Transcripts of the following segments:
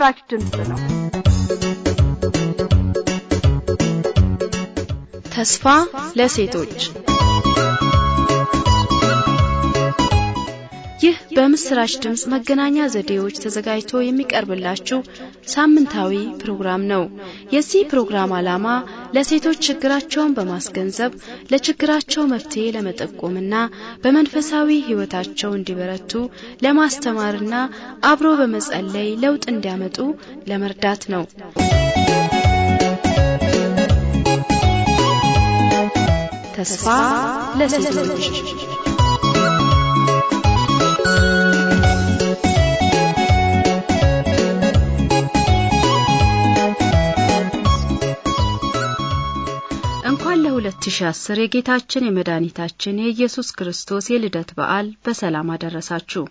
የምስራች ድምፅ ነው። ተስፋ ለሴቶች ይህ በምስራች ድምፅ መገናኛ ዘዴዎች ተዘጋጅቶ የሚቀርብላችሁ ሳምንታዊ ፕሮግራም ነው። የዚህ ፕሮግራም ዓላማ ለሴቶች ችግራቸውን በማስገንዘብ ለችግራቸው መፍትሄ ለመጠቆምና በመንፈሳዊ ሕይወታቸው እንዲበረቱ ለማስተማርና አብሮ በመጸለይ ለውጥ እንዲያመጡ ለመርዳት ነው። ተስፋ ለሴቶች 2010 የጌታችን የመድኃኒታችን የኢየሱስ ክርስቶስ የልደት በዓል በሰላም አደረሳችሁ።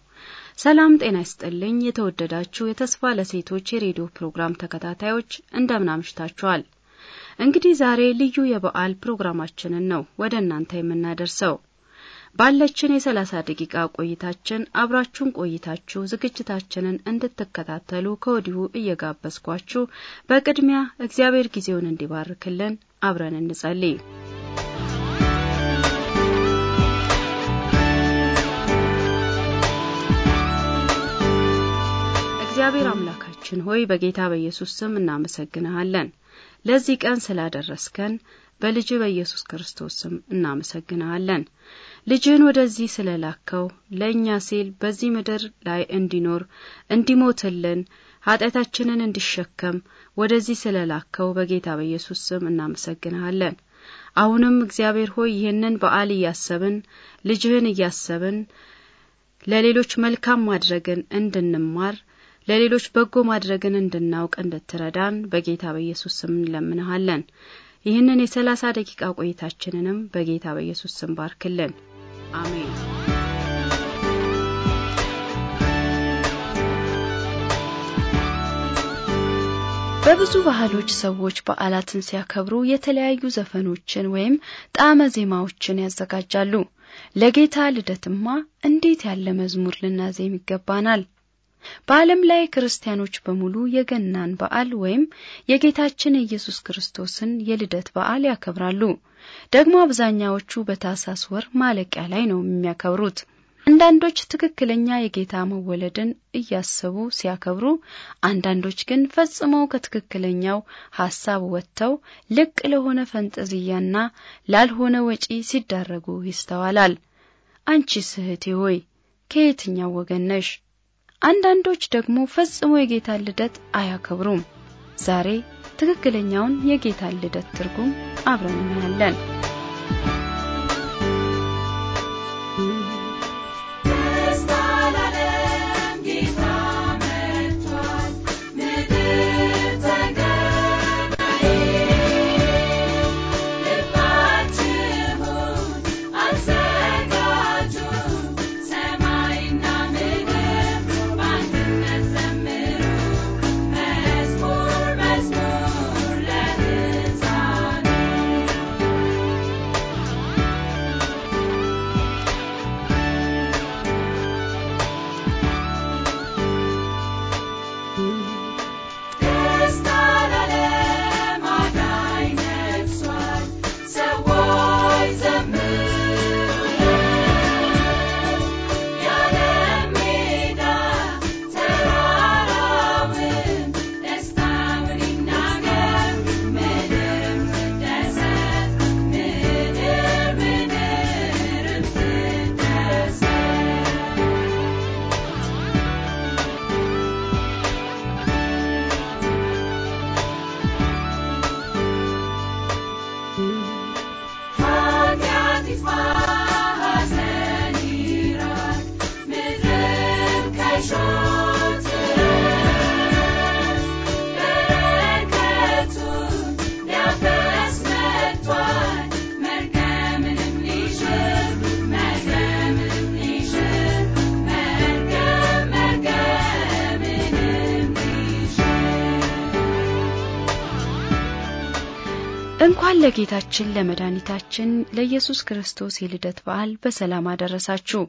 ሰላም ጤና ይስጥልኝ። የተወደዳችሁ የተስፋ ለሴቶች የሬዲዮ ፕሮግራም ተከታታዮች እንደምን አምሽታችኋል? እንግዲህ ዛሬ ልዩ የበዓል ፕሮግራማችንን ነው ወደ እናንተ የምናደርሰው። ባለችን የ30 ደቂቃ ቆይታችን አብራችሁን ቆይታችሁ ዝግጅታችንን እንድትከታተሉ ከወዲሁ እየጋበዝኳችሁ በቅድሚያ እግዚአብሔር ጊዜውን እንዲባርክልን አብረን እንጸልይ። እግዚአብሔር አምላካችን ሆይ በጌታ በኢየሱስ ስም እናመሰግንሃለን ለዚህ ቀን ስላደረስከን በልጅ በኢየሱስ ክርስቶስ ስም እናመሰግንሃለን። ልጅህን ወደዚህ ስለላከው ለእኛ ሲል በዚህ ምድር ላይ እንዲኖር እንዲሞትልን ኃጢአታችንን እንዲሸከም ወደዚህ ስለ ላከው በጌታ በኢየሱስ ስም እናመሰግንሃለን። አሁንም እግዚአብሔር ሆይ ይህንን በዓል እያሰብን ልጅህን እያሰብን ለሌሎች መልካም ማድረግን እንድንማር ለሌሎች በጎ ማድረግን እንድናውቅ እንድትረዳን በጌታ በኢየሱስ ስም እንለምንሃለን። ይህንን የሰላሳ ደቂቃ ቆይታችንንም በጌታ በኢየሱስ ስም ባርክልን። አሜን። በብዙ ባህሎች ሰዎች በዓላትን ሲያከብሩ የተለያዩ ዘፈኖችን ወይም ጣዕመ ዜማዎችን ያዘጋጃሉ። ለጌታ ልደትማ እንዴት ያለ መዝሙር ልናዜም ይገባናል። በዓለም ላይ ክርስቲያኖች በሙሉ የገናን በዓል ወይም የጌታችን ኢየሱስ ክርስቶስን የልደት በዓል ያከብራሉ። ደግሞ አብዛኛዎቹ በታሳስ ወር ማለቂያ ላይ ነው የሚያከብሩት። አንዳንዶች ትክክለኛ የጌታ መወለድን እያሰቡ ሲያከብሩ፣ አንዳንዶች ግን ፈጽመው ከትክክለኛው ሐሳብ ወጥተው ልቅ ለሆነ ፈንጠዝያና ላልሆነ ወጪ ሲዳረጉ ይስተዋላል። አንቺ ስህቴ ሆይ ከየትኛው ወገን ነሽ? አንዳንዶች ደግሞ ፈጽሞ የጌታን ልደት አያከብሩም። ዛሬ ትክክለኛውን የጌታን ልደት ትርጉም አብረን እናያለን። ለጌታችን ለመድኃኒታችን ለኢየሱስ ክርስቶስ የልደት በዓል በሰላም አደረሳችሁ።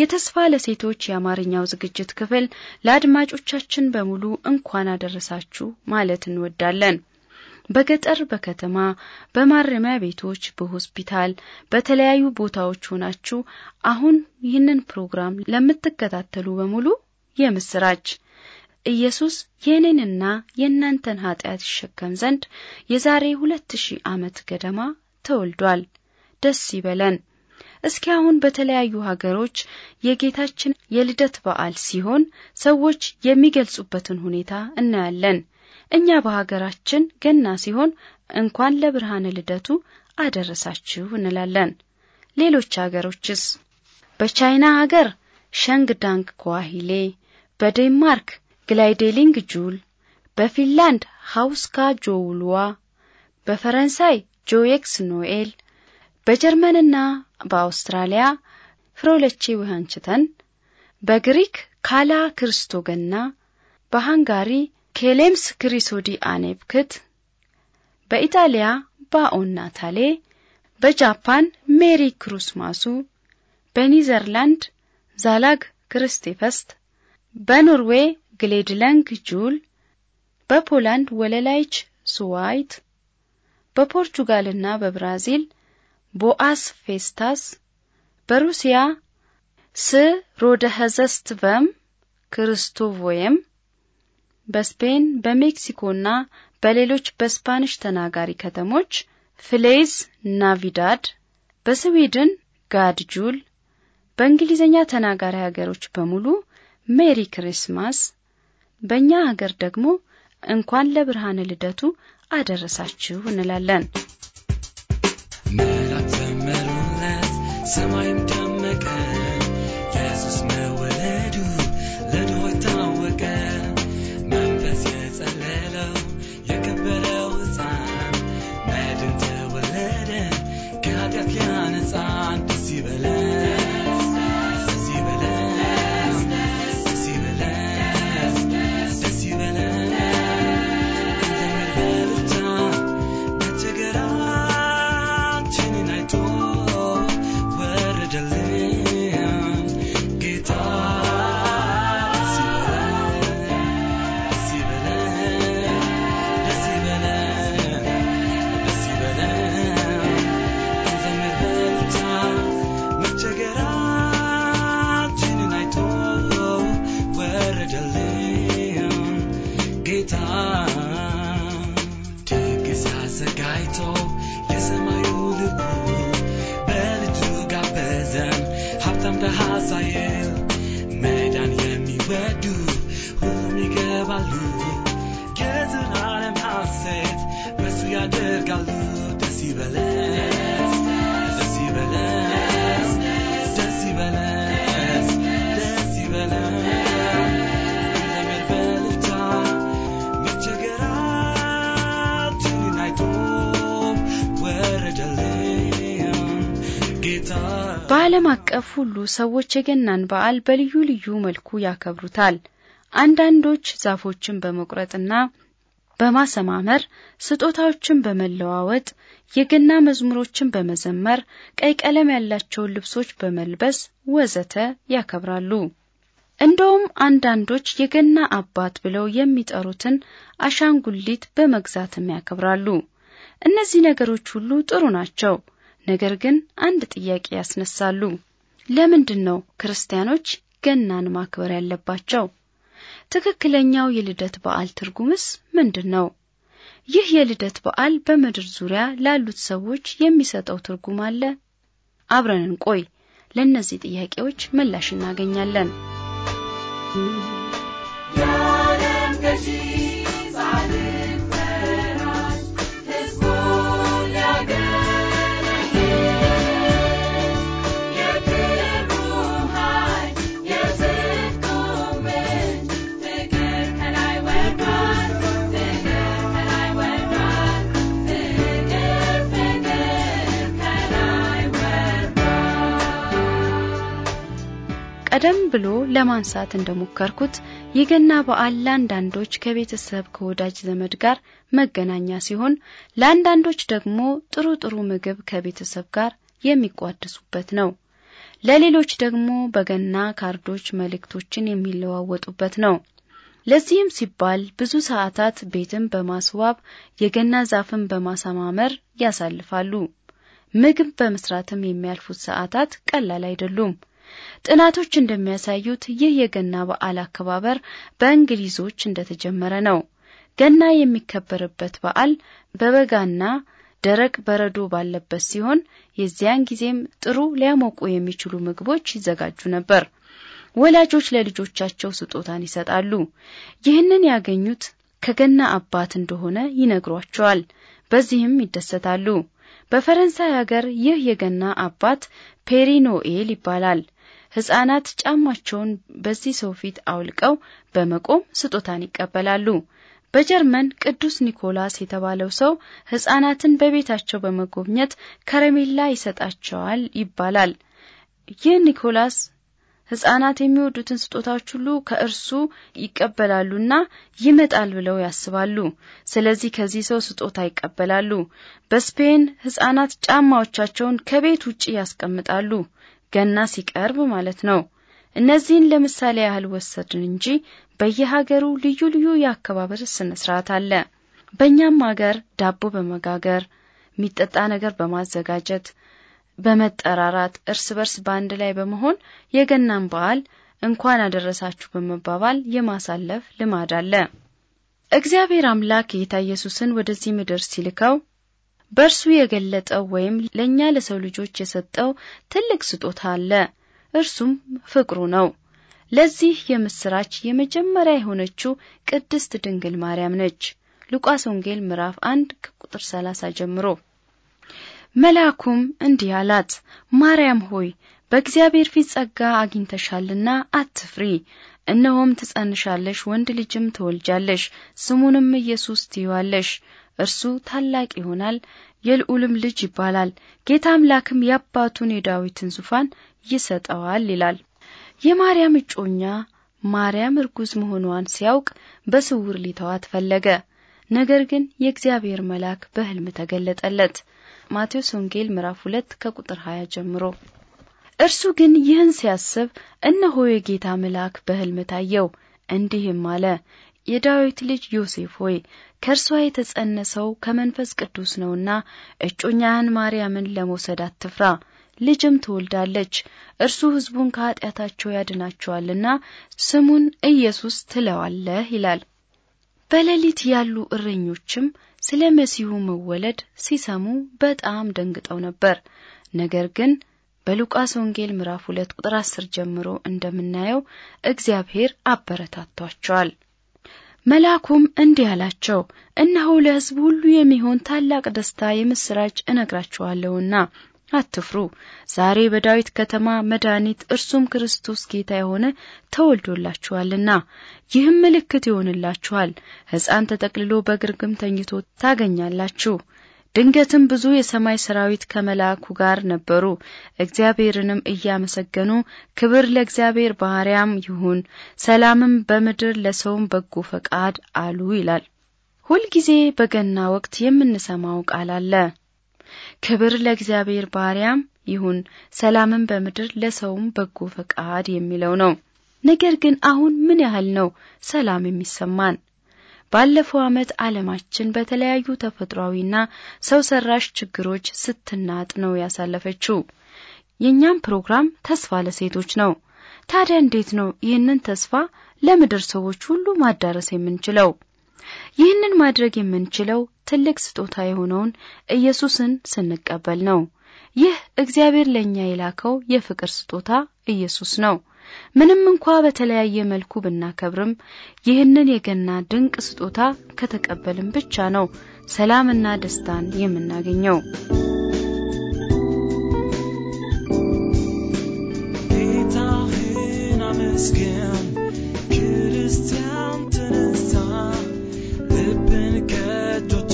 የተስፋ ለሴቶች የአማርኛው ዝግጅት ክፍል ለአድማጮቻችን በሙሉ እንኳን አደረሳችሁ ማለት እንወዳለን። በገጠር፣ በከተማ፣ በማረሚያ ቤቶች፣ በሆስፒታል፣ በተለያዩ ቦታዎች ሆናችሁ አሁን ይህንን ፕሮግራም ለምትከታተሉ በሙሉ የምስራች ኢየሱስ የእኔንና የእናንተን ኃጢአት ይሸከም ዘንድ የዛሬ ሁለት ሺህ ዓመት ገደማ ተወልዷል። ደስ ይበለን። እስኪ አሁን በተለያዩ ሀገሮች የጌታችን የልደት በዓል ሲሆን ሰዎች የሚገልጹበትን ሁኔታ እናያለን። እኛ በሀገራችን ገና ሲሆን እንኳን ለብርሃነ ልደቱ አደረሳችሁ እንላለን። ሌሎች ሀገሮችስ? በቻይና ሀገር ሸንግዳንግ ኳሂሌ፣ በዴንማርክ ግላይዴሊንግ ጁል፣ በፊንላንድ ሃውስካ ጆውልዋ፣ በፈረንሳይ ጆየክስ ኖኤል፣ በጀርመንና በአውስትራሊያ ፍሮለቼ ውሃንችተን፣ በግሪክ ካላ ክርስቶገና፣ በሃንጋሪ ኬሌምስ ክሪሶዲ አኔብክት፣ በኢጣሊያ ባኦና ታሌ፣ በጃፓን ሜሪ ክሩስ ማሱ፣ በኒዘርላንድ ዛላግ ክርስቴፈስት፣ በኖርዌይ ጁል በፖላንድ ወለላይች ስዋይት በፖርቹጋልና በብራዚል ቦአስ ፌስታስ በሩሲያ ስ ሮደኸዘስትቨም ክርስቶቮየም በስፔን በሜክሲኮና በሌሎች በስፓንሽ ተናጋሪ ከተሞች ፍሌዝ ናቪዳድ በስዊድን ጋድ ጁል በእንግሊዝኛ ተናጋሪ ሀገሮች በሙሉ ሜሪ ክሪስማስ በእኛ ሀገር ደግሞ እንኳን ለብርሃነ ልደቱ አደረሳችሁ እንላለን። መላእክት ዘመሩለት፣ ሰማይም ደመቀ፣ ኢየሱስ መወለዱ የሰማዩ ልኩ በልጁ ጋበዘን ሀብታም ደሃ ሳይል መዳን የሚወዱ ሁሉም ይገባሉ የዘላለም ሐሴት በሱ ያደርጋሉ ደስ ይበለን ደስ ይበለን በዓለም አቀፍ ሁሉ ሰዎች የገናን በዓል በልዩ ልዩ መልኩ ያከብሩታል። አንዳንዶች ዛፎችን በመቁረጥና በማሰማመር ስጦታዎችን በመለዋወጥ የገና መዝሙሮችን በመዘመር ቀይ ቀለም ያላቸውን ልብሶች በመልበስ ወዘተ ያከብራሉ። እንደውም አንዳንዶች የገና አባት ብለው የሚጠሩትን አሻንጉሊት በመግዛትም ያከብራሉ። እነዚህ ነገሮች ሁሉ ጥሩ ናቸው። ነገር ግን አንድ ጥያቄ ያስነሳሉ። ለምንድን ነው ክርስቲያኖች ገናን ማክበር ያለባቸው? ትክክለኛው የልደት በዓል ትርጉምስ ምንድን ነው? ይህ የልደት በዓል በምድር ዙሪያ ላሉት ሰዎች የሚሰጠው ትርጉም አለ? አብረንን ቆይ ለእነዚህ ጥያቄዎች ምላሽ እናገኛለን። ቀደም ብሎ ለማንሳት እንደሞከርኩት የገና በዓል ለአንዳንዶች ከቤተሰብ ከወዳጅ ዘመድ ጋር መገናኛ ሲሆን ለአንዳንዶች ደግሞ ጥሩ ጥሩ ምግብ ከቤተሰብ ጋር የሚቋደሱበት ነው። ለሌሎች ደግሞ በገና ካርዶች መልእክቶችን የሚለዋወጡበት ነው። ለዚህም ሲባል ብዙ ሰዓታት ቤትን በማስዋብ የገና ዛፍን በማሰማመር ያሳልፋሉ። ምግብ በመስራትም የሚያልፉት ሰዓታት ቀላል አይደሉም። ጥናቶች እንደሚያሳዩት ይህ የገና በዓል አከባበር በእንግሊዞች እንደተጀመረ ነው። ገና የሚከበርበት በዓል በበጋና ደረቅ በረዶ ባለበት ሲሆን የዚያን ጊዜም ጥሩ ሊያሞቁ የሚችሉ ምግቦች ይዘጋጁ ነበር። ወላጆች ለልጆቻቸው ስጦታን ይሰጣሉ። ይህንን ያገኙት ከገና አባት እንደሆነ ይነግሯቸዋል። በዚህም ይደሰታሉ። በፈረንሳይ ሀገር ይህ የገና አባት ፔሪኖኤል ይባላል። ሕፃናት ጫማቸውን በዚህ ሰው ፊት አውልቀው በመቆም ስጦታን ይቀበላሉ። በጀርመን ቅዱስ ኒኮላስ የተባለው ሰው ሕፃናትን በቤታቸው በመጎብኘት ከረሜላ ይሰጣቸዋል ይባላል። ይህ ኒኮላስ ሕፃናት የሚወዱትን ስጦታዎች ሁሉ ከእርሱ ይቀበላሉና ይመጣል ብለው ያስባሉ። ስለዚህ ከዚህ ሰው ስጦታ ይቀበላሉ። በስፔን ሕፃናት ጫማዎቻቸውን ከቤት ውጭ ያስቀምጣሉ። ገና ሲቀርብ ማለት ነው። እነዚህን ለምሳሌ ያህል ወሰድን እንጂ በየሀገሩ ልዩ ልዩ የአከባበር ስነ ስርዓት አለ። በእኛም ሀገር ዳቦ በመጋገር የሚጠጣ ነገር በማዘጋጀት በመጠራራት እርስ በርስ በአንድ ላይ በመሆን የገናን በዓል እንኳን አደረሳችሁ በመባባል የማሳለፍ ልማድ አለ። እግዚአብሔር አምላክ ጌታ ኢየሱስን ወደዚህ ምድር ሲልከው በእርሱ የገለጠው ወይም ለእኛ ለሰው ልጆች የሰጠው ትልቅ ስጦታ አለ። እርሱም ፍቅሩ ነው። ለዚህ የምስራች የመጀመሪያ የሆነችው ቅድስት ድንግል ማርያም ነች። ሉቃስ ወንጌል ምዕራፍ 1 ከቁጥር 30 ጀምሮ መልአኩም እንዲህ አላት፣ ማርያም ሆይ በእግዚአብሔር ፊት ጸጋ አግኝተሻልና አትፍሪ። እነሆም ትጸንሻለሽ፣ ወንድ ልጅም ትወልጃለሽ፣ ስሙንም ኢየሱስ ትይዋለሽ። እርሱ ታላቅ ይሆናል፣ የልዑልም ልጅ ይባላል። ጌታ አምላክም የአባቱን የዳዊትን ዙፋን ይሰጠዋል ይላል። የማርያም እጮኛ ማርያም እርጉዝ መሆኗን ሲያውቅ በስውር ሊተዋት ፈለገ። ነገር ግን የእግዚአብሔር መልአክ በሕልም ተገለጠለት። ማቴዎስ ወንጌል ምዕራፍ 2 ከቁጥር 20 ጀምሮ። እርሱ ግን ይህን ሲያስብ እነሆ የጌታ መልአክ በሕልም ታየው፣ እንዲህም አለ የዳዊት ልጅ ዮሴፍ ሆይ ከእርሷ የተጸነሰው ከመንፈስ ቅዱስ ነውና እጮኛህን ማርያምን ለመውሰድ አትፍራ፣ ልጅም ትወልዳለች፣ እርሱ ሕዝቡን ከኀጢአታቸው ያድናቸዋልና ስሙን ኢየሱስ ትለዋለህ ይላል። በሌሊት ያሉ እረኞችም ስለ መሲሁ መወለድ ሲሰሙ በጣም ደንግጠው ነበር። ነገር ግን በሉቃስ ወንጌል ምዕራፍ ሁለት ቁጥር አስር ጀምሮ እንደምናየው እግዚአብሔር አበረታቷቸዋል። መልአኩም እንዲህ አላቸው፣ እነሆ ለሕዝብ ሁሉ የሚሆን ታላቅ ደስታ የምሥራች እነግራችኋለሁና አትፍሩ። ዛሬ በዳዊት ከተማ መድኃኒት እርሱም ክርስቶስ ጌታ የሆነ ተወልዶላችኋልና፣ ይህም ምልክት ይሆንላችኋል፣ ሕፃን ተጠቅልሎ በግርግም ተኝቶ ታገኛላችሁ። ድንገትም ብዙ የሰማይ ሰራዊት ከመልአኩ ጋር ነበሩ፣ እግዚአብሔርንም እያመሰገኑ ክብር ለእግዚአብሔር ባህርያም ይሁን፣ ሰላምም በምድር ለሰውም በጎ ፈቃድ አሉ ይላል። ሁልጊዜ በገና ወቅት የምንሰማው ቃል አለ። ክብር ለእግዚአብሔር ባህርያም ይሁን ሰላምን በምድር ለሰውም በጎ ፈቃድ የሚለው ነው። ነገር ግን አሁን ምን ያህል ነው ሰላም የሚሰማን? ባለፈው ዓመት ዓለማችን በተለያዩ ተፈጥሯዊና ሰው ሰራሽ ችግሮች ስትናጥ ነው ያሳለፈችው። የእኛም ፕሮግራም ተስፋ ለሴቶች ነው። ታዲያ እንዴት ነው ይህንን ተስፋ ለምድር ሰዎች ሁሉ ማዳረስ የምንችለው? ይህንን ማድረግ የምንችለው ትልቅ ስጦታ የሆነውን ኢየሱስን ስንቀበል ነው። ይህ እግዚአብሔር ለእኛ የላከው የፍቅር ስጦታ ኢየሱስ ነው። ምንም እንኳ በተለያየ መልኩ ብናከብርም ይህንን የገና ድንቅ ስጦታ ከተቀበልን ብቻ ነው ሰላምና ደስታን የምናገኘው። ክርስቲያን ተነሳ ልብን ከእጆች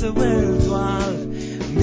ተወልቷል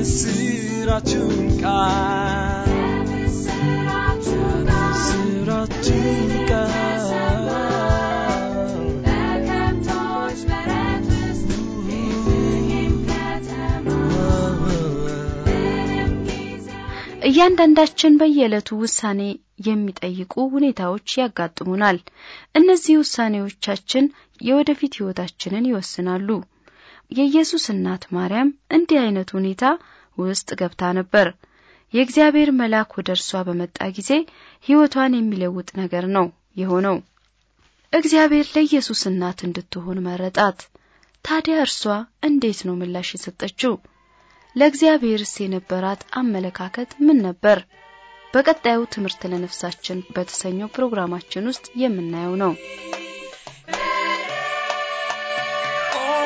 እያንዳንዳችን በየዕለቱ ውሳኔ የሚጠይቁ ሁኔታዎች ያጋጥሙናል። እነዚህ ውሳኔዎቻችን የወደፊት ሕይወታችንን ይወስናሉ። የኢየሱስ እናት ማርያም እንዲህ አይነት ሁኔታ ውስጥ ገብታ ነበር። የእግዚአብሔር መልአክ ወደ እርሷ በመጣ ጊዜ ሕይወቷን የሚለውጥ ነገር ነው የሆነው። እግዚአብሔር ለኢየሱስ እናት እንድትሆን መረጣት። ታዲያ እርሷ እንዴት ነው ምላሽ የሰጠችው? ለእግዚአብሔርስ የነበራት አመለካከት ምን ነበር? በቀጣዩ ትምህርት ለነፍሳችን በተሰኘው ፕሮግራማችን ውስጥ የምናየው ነው።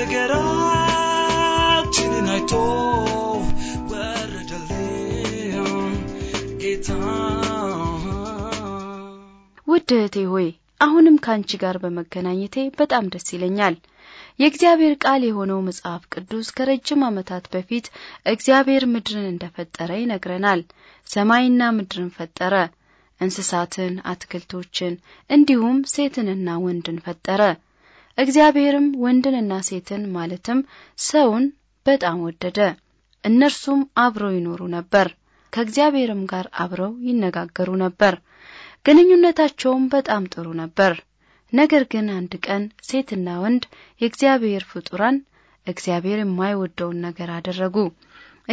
ቸገራችንን አይቶ ውድ እህቴ ሆይ አሁንም ከአንቺ ጋር በመገናኘቴ በጣም ደስ ይለኛል። የእግዚአብሔር ቃል የሆነው መጽሐፍ ቅዱስ ከረጅም ዓመታት በፊት እግዚአብሔር ምድርን እንደፈጠረ ይነግረናል። ሰማይና ምድርን ፈጠረ፣ እንስሳትን፣ አትክልቶችን እንዲሁም ሴትንና ወንድን ፈጠረ። እግዚአብሔርም ወንድንና ሴትን ማለትም ሰውን በጣም ወደደ። እነርሱም አብረው ይኖሩ ነበር፣ ከእግዚአብሔርም ጋር አብረው ይነጋገሩ ነበር። ግንኙነታቸውም በጣም ጥሩ ነበር። ነገር ግን አንድ ቀን ሴትና ወንድ የእግዚአብሔር ፍጡራን እግዚአብሔር የማይወደውን ነገር አደረጉ፣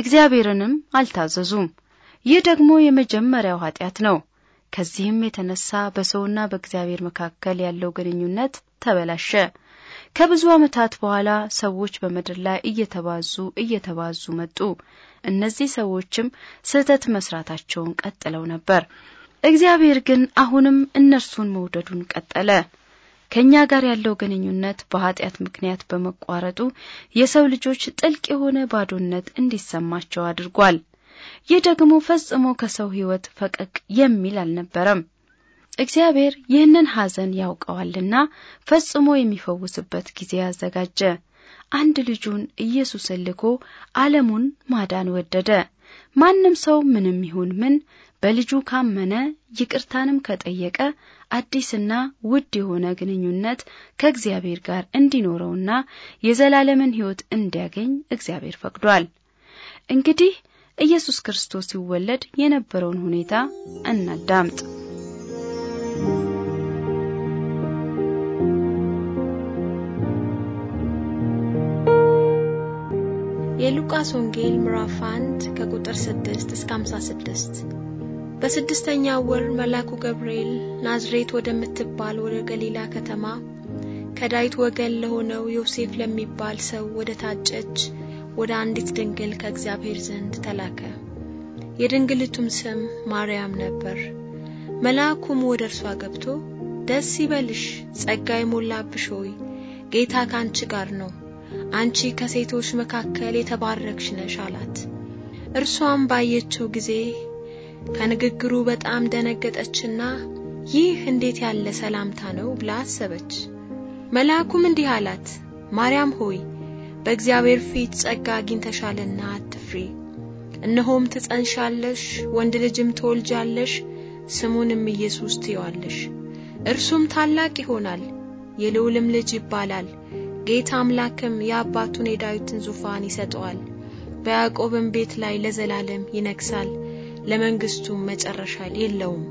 እግዚአብሔርንም አልታዘዙም። ይህ ደግሞ የመጀመሪያው ኃጢአት ነው። ከዚህም የተነሳ በሰውና በእግዚአብሔር መካከል ያለው ግንኙነት ተበላሸ። ከብዙ ዓመታት በኋላ ሰዎች በምድር ላይ እየተባዙ እየተባዙ መጡ። እነዚህ ሰዎችም ስህተት መስራታቸውን ቀጥለው ነበር። እግዚአብሔር ግን አሁንም እነርሱን መውደዱን ቀጠለ። ከእኛ ጋር ያለው ግንኙነት በኃጢአት ምክንያት በመቋረጡ የሰው ልጆች ጥልቅ የሆነ ባዶነት እንዲሰማቸው አድርጓል። ይህ ደግሞ ፈጽሞ ከሰው ሕይወት ፈቀቅ የሚል አልነበረም። እግዚአብሔር ይህንን ሐዘን ያውቀዋልና ፈጽሞ የሚፈውስበት ጊዜ አዘጋጀ። አንድ ልጁን ኢየሱስን ልኮ ዓለሙን ማዳን ወደደ። ማንም ሰው ምንም ይሁን ምን በልጁ ካመነ ይቅርታንም ከጠየቀ አዲስና ውድ የሆነ ግንኙነት ከእግዚአብሔር ጋር እንዲኖረውና የዘላለምን ሕይወት እንዲያገኝ እግዚአብሔር ፈቅዷል። እንግዲህ ኢየሱስ ክርስቶስ ሲወለድ የነበረውን ሁኔታ እናዳምጥ። የሉቃስ ወንጌል ምዕራፍ 1 ከቁጥር 6 እስከ 56። በስድስተኛው ወር መልአኩ ገብርኤል ናዝሬት ወደምትባል ወደ ገሊላ ከተማ ከዳዊት ወገን ለሆነው ዮሴፍ ለሚባል ሰው ወደ ታጨች ወደ አንዲት ድንግል ከእግዚአብሔር ዘንድ ተላከ። የድንግሊቱም ስም ማርያም ነበር። መልአኩም ወደ እርሷ ገብቶ ደስ ይበልሽ፣ ጸጋ የሞላብሽ ሆይ ጌታ ካንቺ ጋር ነው፣ አንቺ ከሴቶች መካከል የተባረክሽ ነሽ አላት። እርሷም ባየችው ጊዜ ከንግግሩ በጣም ደነገጠችና ይህ እንዴት ያለ ሰላምታ ነው ብላ አሰበች። መልአኩም እንዲህ አላት፣ ማርያም ሆይ በእግዚአብሔር ፊት ጸጋ አግኝተሻልና አትፍሪ። እነሆም ትጸንሻለሽ፣ ወንድ ልጅም ትወልጃለሽ፣ ስሙንም ኢየሱስ ትይዋለሽ። እርሱም ታላቅ ይሆናል፣ የልዑልም ልጅ ይባላል። ጌታ አምላክም የአባቱን የዳዊትን ዙፋን ይሰጠዋል፣ በያዕቆብም ቤት ላይ ለዘላለም ይነግሣል፣ ለመንግሥቱም መጨረሻ የለውም።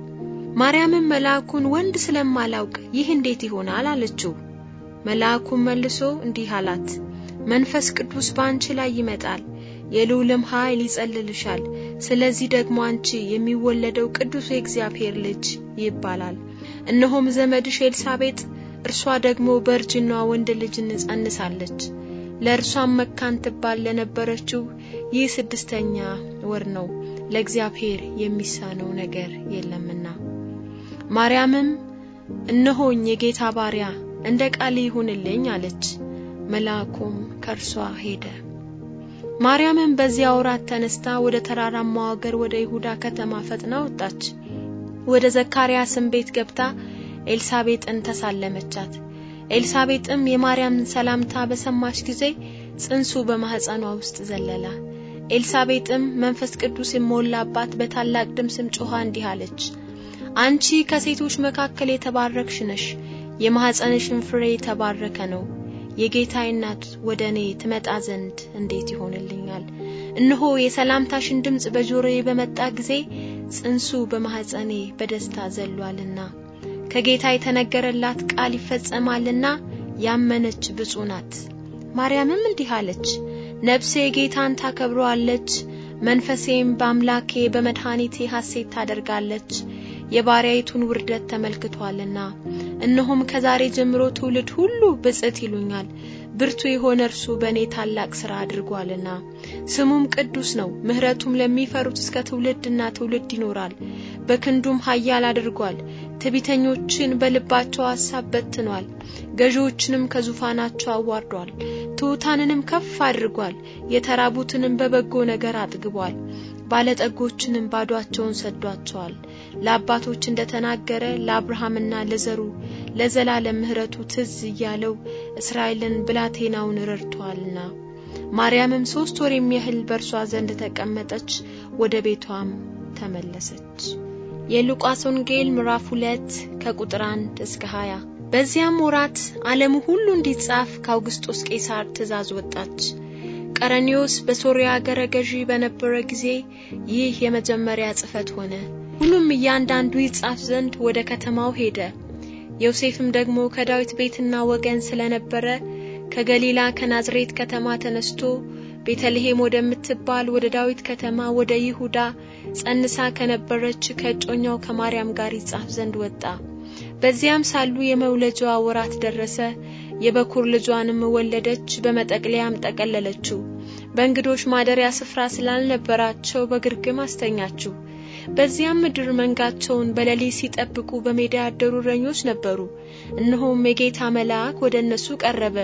ማርያምም መልአኩን ወንድ ስለማላውቅ ይህ እንዴት ይሆናል አለችው። መልአኩም መልሶ እንዲህ አላት መንፈስ ቅዱስ በአንቺ ላይ ይመጣል፣ የልዑልም ኃይል ይጸልልሻል። ስለዚህ ደግሞ አንቺ የሚወለደው ቅዱስ የእግዚአብሔር ልጅ ይባላል። እነሆም ዘመድሽ ኤልሳቤጥ እርሷ ደግሞ በእርጅኗ ወንድ ልጅ እንጸንሳለች። ለእርሷም መካን ትባል ለነበረችው ይህ ስድስተኛ ወር ነው፣ ለእግዚአብሔር የሚሳነው ነገር የለምና። ማርያምም እነሆኝ የጌታ ባሪያ እንደ ቃል ይሁንልኝ አለች። መልአኩም ከእርሷ ሄደ። ማርያምም በዚያ አውራት ተነስታ ወደ ተራራማው አገር ወደ ይሁዳ ከተማ ፈጥና ወጣች። ወደ ዘካርያስም ቤት ገብታ ኤልሳቤጥን ተሳለመቻት። ኤልሳቤጥም የማርያምን ሰላምታ በሰማች ጊዜ ጽንሱ በማህፀኗ ውስጥ ዘለላ። ኤልሳቤጥም መንፈስ ቅዱስ የሞላባት በታላቅ ድምስም ጮኻ እንዲህ አለች፣ አንቺ ከሴቶች መካከል የተባረክሽ ነሽ፣ የማህፀንሽን ፍሬ የተባረከ ነው። የጌታዬ እናት ወደ እኔ ትመጣ ዘንድ እንዴት ይሆንልኛል? እነሆ የሰላምታሽን ድምፅ በጆሮዬ በመጣ ጊዜ ጽንሱ በማኅፀኔ በደስታ ዘሏልና ከጌታ የተነገረላት ቃል ይፈጸማልና ያመነች ብፁ ናት። ማርያምም እንዲህ አለች፣ ነፍሴ ጌታን ታከብረዋለች፣ መንፈሴም በአምላኬ በመድኃኒቴ ሐሴት ታደርጋለች፣ የባሪያይቱን ውርደት ተመልክቷልና እነሆም ከዛሬ ጀምሮ ትውልድ ሁሉ ብጽት ይሉኛል ብርቱ የሆነ እርሱ በእኔ ታላቅ ሥራ አድርጓልና ስሙም ቅዱስ ነው ምህረቱም ለሚፈሩት እስከ ትውልድና ትውልድ ይኖራል በክንዱም ሀያል አድርጓል ትቢተኞችን በልባቸው ሐሳብ በትኗል ገዢዎችንም ከዙፋናቸው አዋርዷል ትሑታንንም ከፍ አድርጓል የተራቡትንም በበጎ ነገር አጥግቧል ባለጠጎችንም ባዷቸውን ሰዷቸዋል። ለአባቶች እንደተናገረ ለአብርሃምና ለዘሩ ለዘላለም ምህረቱ ትዝ እያለው እስራኤልን ብላቴናውን ረድቶአልና። ማርያምም ሦስት ወር የሚያህል በእርሷ ዘንድ ተቀመጠች፣ ወደ ቤቷም ተመለሰች። የሉቃስ ወንጌል ምዕራፍ 2 ከቁጥር 1 እስከ 20። በዚያም ወራት ዓለሙ ሁሉ እንዲጻፍ ከአውግስጦስ ቄሳር ትእዛዝ ወጣች። ቀረኒዮስ በሶርያ አገረ ገዢ በነበረ ጊዜ ይህ የመጀመሪያ ጽፈት ሆነ። ሁሉም እያንዳንዱ ይጻፍ ዘንድ ወደ ከተማው ሄደ። ዮሴፍም ደግሞ ከዳዊት ቤትና ወገን ስለነበረ ከገሊላ ከናዝሬት ከተማ ተነስቶ ቤተልሔም ወደምትባል ወደ ዳዊት ከተማ ወደ ይሁዳ ጸንሳ ከነበረች ከእጮኛው ከማርያም ጋር ይጻፍ ዘንድ ወጣ። በዚያም ሳሉ የመውለጃዋ ወራት ደረሰ። የበኩር ልጇንም ወለደች፣ በመጠቅለያም ጠቀለለችው። በእንግዶች ማደሪያ ስፍራ ስላልነበራቸው በግርግም አስተኛችው። በዚያም ምድር መንጋቸውን በሌሊት ሲጠብቁ በሜዳ ያደሩ እረኞች ነበሩ። እነሆም የጌታ መልአክ ወደ እነሱ ቀረበ፣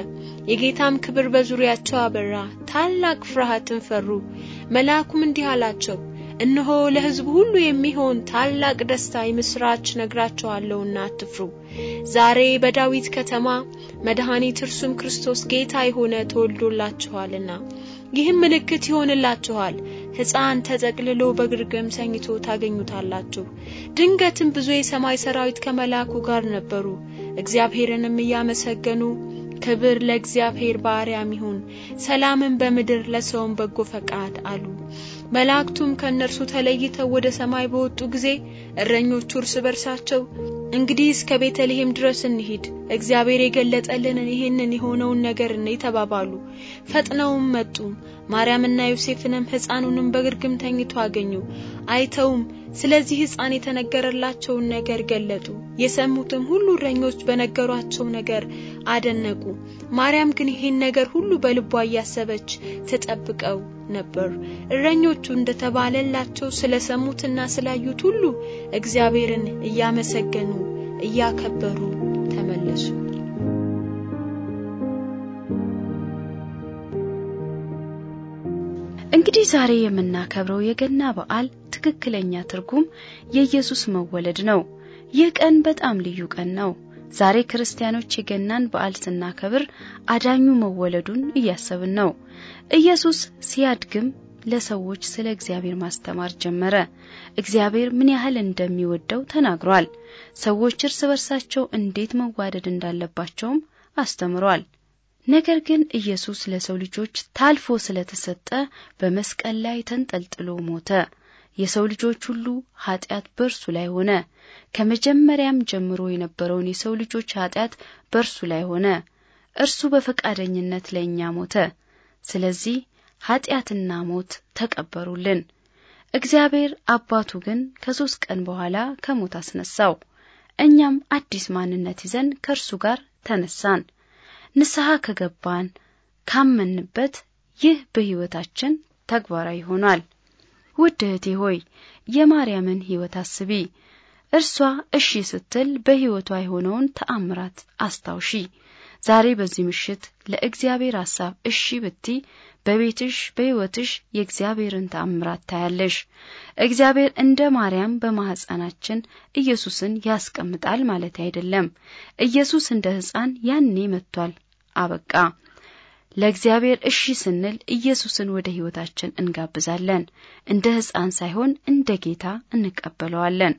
የጌታም ክብር በዙሪያቸው አበራ፣ ታላቅ ፍርሃትን ፈሩ። መልአኩም እንዲህ አላቸው፣ እነሆ ለሕዝቡ ሁሉ የሚሆን ታላቅ ደስታ የምሥራች ነግራችኋለሁና አትፍሩ። ዛሬ በዳዊት ከተማ መድኃኒት እርሱም ክርስቶስ ጌታ የሆነ ተወልዶላችኋልና ይህም ምልክት ይሆንላችኋል፣ ሕፃን ተጠቅልሎ በግርግም ሰኝቶ ታገኙታላችሁ። ድንገትም ብዙ የሰማይ ሰራዊት ከመላኩ ጋር ነበሩ፣ እግዚአብሔርንም እያመሰገኑ ክብር ለእግዚአብሔር ባሪያም ይሁን፣ ሰላምን በምድር ለሰውም በጎ ፈቃድ አሉ። መላእክቱም ከእነርሱ ተለይተው ወደ ሰማይ በወጡ ጊዜ እረኞቹ እርስ በርሳቸው እንግዲህ እስከ ቤተልሔም ድረስ እንሂድ፣ እግዚአብሔር የገለጠልንን ይህንን የሆነውን ነገር እንይ ተባባሉ። ፈጥነውም መጡ፣ ማርያምና ዮሴፍንም ሕፃኑንም በግርግም ተኝቶ አገኙ። አይተውም ስለዚህ ሕፃን የተነገረላቸውን ነገር ገለጡ። የሰሙትም ሁሉ እረኞች በነገሯቸው ነገር አደነቁ። ማርያም ግን ይህን ነገር ሁሉ በልቧ እያሰበች ተጠብቀው ነበር። እረኞቹ እንደተባለላቸው ስለ ሰሙትና ስላዩት ሁሉ እግዚአብሔርን እያመሰገኑ እያከበሩ ተመለሱ። እንግዲህ ዛሬ የምናከብረው የገና በዓል ትክክለኛ ትርጉም የኢየሱስ መወለድ ነው። ይህ ቀን በጣም ልዩ ቀን ነው። ዛሬ ክርስቲያኖች የገናን በዓል ስናከብር አዳኙ መወለዱን እያሰብን ነው። ኢየሱስ ሲያድግም ለሰዎች ስለ እግዚአብሔር ማስተማር ጀመረ። እግዚአብሔር ምን ያህል እንደሚወደው ተናግሯል። ሰዎች እርስ በርሳቸው እንዴት መዋደድ እንዳለባቸውም አስተምሯል። ነገር ግን ኢየሱስ ለሰው ልጆች ታልፎ ስለተሰጠ በመስቀል ላይ ተንጠልጥሎ ሞተ። የሰው ልጆች ሁሉ ኃጢአት በእርሱ ላይ ሆነ። ከመጀመሪያም ጀምሮ የነበረውን የሰው ልጆች ኃጢአት በእርሱ ላይ ሆነ። እርሱ በፈቃደኝነት ለእኛ ሞተ። ስለዚህ ኃጢአትና ሞት ተቀበሩልን። እግዚአብሔር አባቱ ግን ከሦስት ቀን በኋላ ከሞት አስነሳው። እኛም አዲስ ማንነት ይዘን ከእርሱ ጋር ተነሳን። ንስሐ ከገባን ካመንበት ይህ በሕይወታችን ተግባራዊ ይሆናል። ውድ እህቴ ሆይ የማርያምን ሕይወት አስቢ። እርሷ እሺ ስትል በሕይወቷ የሆነውን ተአምራት አስታውሺ። ዛሬ በዚህ ምሽት ለእግዚአብሔር ሐሳብ እሺ ብቲ በቤትሽ በሕይወትሽ የእግዚአብሔርን ተአምራት ታያለሽ። እግዚአብሔር እንደ ማርያም በማኅፀናችን ኢየሱስን ያስቀምጣል ማለት አይደለም። ኢየሱስ እንደ ሕፃን ያኔ መጥቷል። አበቃ። ለእግዚአብሔር እሺ ስንል ኢየሱስን ወደ ሕይወታችን እንጋብዛለን። እንደ ሕፃን ሳይሆን እንደ ጌታ እንቀበለዋለን።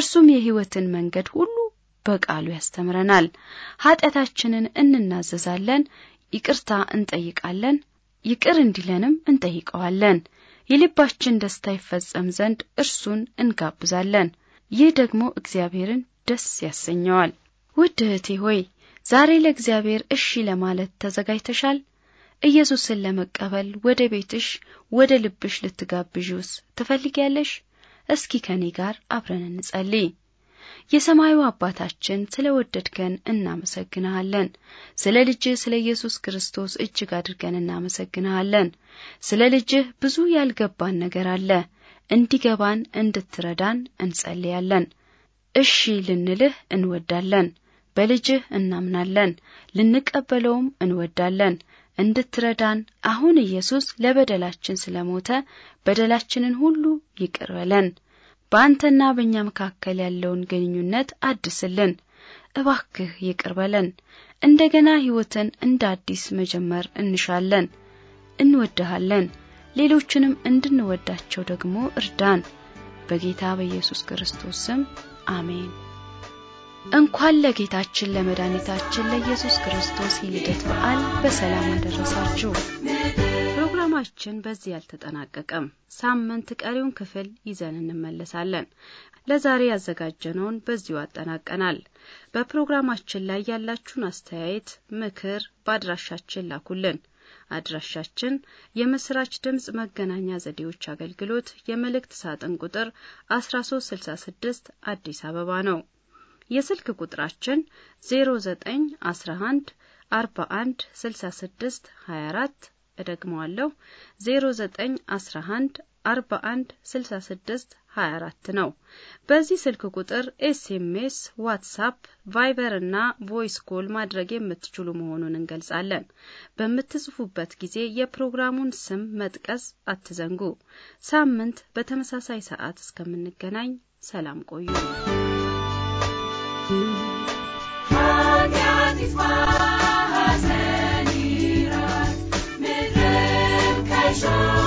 እርሱም የሕይወትን መንገድ ሁሉ በቃሉ ያስተምረናል። ኀጢአታችንን እንናዘዛለን፣ ይቅርታ እንጠይቃለን ይቅር እንዲለንም እንጠይቀዋለን። የልባችን ደስታ ይፈጸም ዘንድ እርሱን እንጋብዛለን። ይህ ደግሞ እግዚአብሔርን ደስ ያሰኘዋል። ውድ እህቴ ሆይ ዛሬ ለእግዚአብሔር እሺ ለማለት ተዘጋጅተሻል? ኢየሱስን ለመቀበል ወደ ቤትሽ ወደ ልብሽ ልትጋብዥውስ ትፈልጊያለሽ? እስኪ ከኔ ጋር አብረን እንጸልይ። የሰማዩ አባታችን ስለ ወደድከን እናመሰግንሃለን። ስለ ልጅህ ስለ ኢየሱስ ክርስቶስ እጅግ አድርገን እናመሰግንሃለን። ስለ ልጅህ ብዙ ያልገባን ነገር አለ፣ እንዲገባን እንድትረዳን እንጸልያለን። እሺ ልንልህ እንወዳለን። በልጅህ እናምናለን፣ ልንቀበለውም እንወዳለን። እንድትረዳን አሁን ኢየሱስ ለበደላችን ስለሞተ በደላችንን ሁሉ ይቅር በለን። በአንተና በእኛ መካከል ያለውን ግንኙነት አድስልን፣ እባክህ ይቅር በለን። እንደገና ሕይወትን እንደ አዲስ መጀመር እንሻለን። እንወድሃለን፣ ሌሎችንም እንድንወዳቸው ደግሞ እርዳን። በጌታ በኢየሱስ ክርስቶስ ስም አሜን። እንኳን ለጌታችን ለመድኃኒታችን ለኢየሱስ ክርስቶስ የልደት በዓል በሰላም አደረሳችሁ። ፕሮግራማችን በዚህ አልተጠናቀቀም። ሳምንት ቀሪውን ክፍል ይዘን እንመለሳለን። ለዛሬ ያዘጋጀነውን በዚሁ አጠናቀናል። በፕሮግራማችን ላይ ያላችሁን አስተያየት፣ ምክር በአድራሻችን ላኩልን። አድራሻችን የምስራች ድምጽ መገናኛ ዘዴዎች አገልግሎት የመልእክት ሳጥን ቁጥር 1366 አዲስ አበባ ነው። የስልክ ቁጥራችን 0911416624 እደግመዋለሁ 0911 24 ነው። በዚህ ስልክ ቁጥር ኤስኤምኤስ፣ ዋትሳፕ፣ ቫይበር እና ቮይስ ኮል ማድረግ የምትችሉ መሆኑን እንገልጻለን። በምትጽፉበት ጊዜ የፕሮግራሙን ስም መጥቀስ አትዘንጉ። ሳምንት በተመሳሳይ ሰዓት እስከምንገናኝ ሰላም ቆዩ። Show.